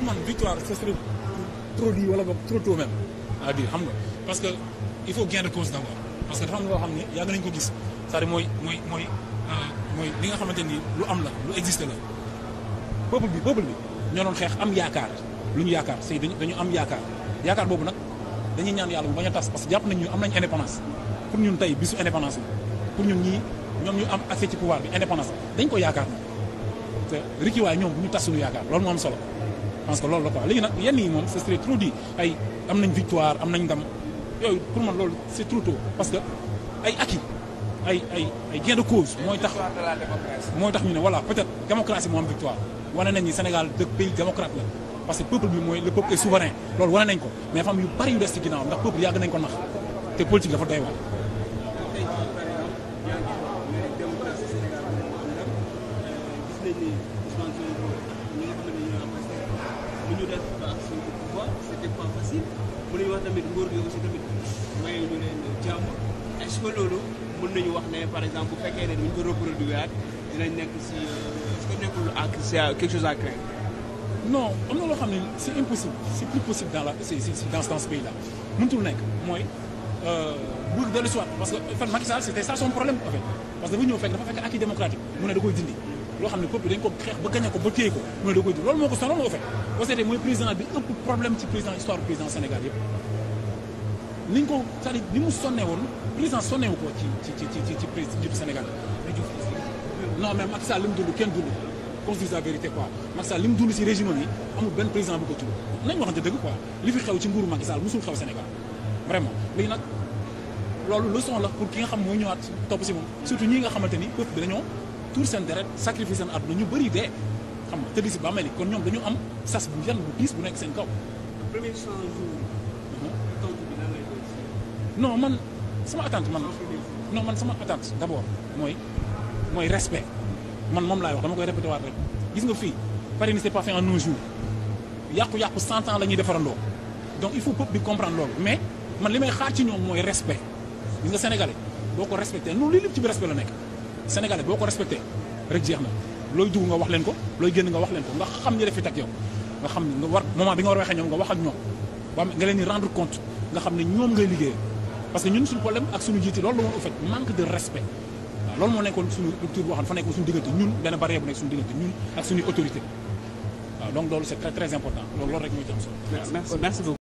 pour man victoire ce serait trop dit wala boog trop tôt même à dire xam nga parce que il faut gain de cause d'abord parce que dafa am loo xam ne yàgg nañu ko gis cest à mooy mooy mooy euh, mooy li nga xamante ni lu am la lu existe la peuple bi peuple bi ñoo doon xeex am yaakaar lu ñu yaakaar c'est dañu am yaakaar yaakaar boobu nag dañuy ñaan yàlla bu bañ tas parce que jàpp nañu am nañ indépendance pour ñun tey bisu indépendance bi pour ñun ñii ñoom ñu am accès ci pouvoir bi indépendance dañ ko yaakaar na te rikiwaay ñoom bu ñu tas loolu moo solo parce que loolu la quoi léegi nag yenn yi moom ce serait am nañ victoire am nañ ndam yooyu pour man loolu c'est trop tôt parce que ay acquis ay ay ay gain de cause mooy tax mooy tax ñu ne voilà peut-être démocratie moo am victoire wane nañ ni Sénégal dëkk pays démocrate la parce que peuple bi mooy le peuple est souverain loolu wane nañ ko mais femme yu bari yu des ci ginnaaw ndax peuple yàgg nañ ko nax te politique dafa doy waar bu ñu def quoi c'était pas facile mën nañu wax ne par exemple bu fekkee dinañ nekk si euh, est-ce que nekkul ak loo xam ne c'est impossible c'est plus possible dans dans dans ce pays là nekk mooy euh, bu dellu si parce que en fait Macky problème parce que dafa ñëw fekk dafa fekk acquis démocratique mu ne da koy dindi. loo xam ne peuple dañ ko xeex ba gañe ko ba téye ko mu ne da koy jël loolu moo ko sonal moo ko fekk boo seetee mooy président bi ëpp problème ci président histoire président ko c'est-à-dire ni mu woon président sonne wu ko ci ci ci ci ci président Sénégal non mais Macky Sall li mu dund kenn dund qu'on se dise la vérité quoi Macky li mu dund si régime yi amul benn président bu ko tudd nañ waxante dëgg quoi li fi xew ci nguuru Macky Sall musul xew Sénégal vraiment léegi nag loolu leçon la pour ki nga xam mooy ñëwaat topp si moom surtout ñi nga xamante ni peuple bi dañoo tuur seen deret sacrifice seen àdduna ñu bëri dee xam nga tëdd si bàmmeel kon ñoom dañu am sas bu yan bu diis bu nekk seen kaw. no man sama attente man. non man sama attente d' abord mooy mooy respect man moom laay wax dama koy répété waat rek gis nga fii Paris ne s'est pas en un jour yàqu-yàqu cent ans la ñuy defarandoo donc il faut peuple bi comprendre loolu mais man li may xaar ci ñoom mooy respe gis nga sénégalais boo ko respecté loolu lépp ci bi respect la nekk. sénégalais boo ko respecté rek jeex na looy dugg nga wax leen ko looy génn nga wax leen ko nga xam ñi def fi teg yow nga xam nga war moment bi nga war a waxee ñoom nga wax ak ñoom ba nga leen rendre compte nga xam ne ñoom ngay liggéey parce que ñun suñu problème ak suñu jiiti loolu la woon au fait manque de respect waaw loolu moo nekkoon suñu rupture boo xam fa nekkoon suñu diggante ñun benn barrière bu nekk suñu diggante ñun ak suñu autorité waaw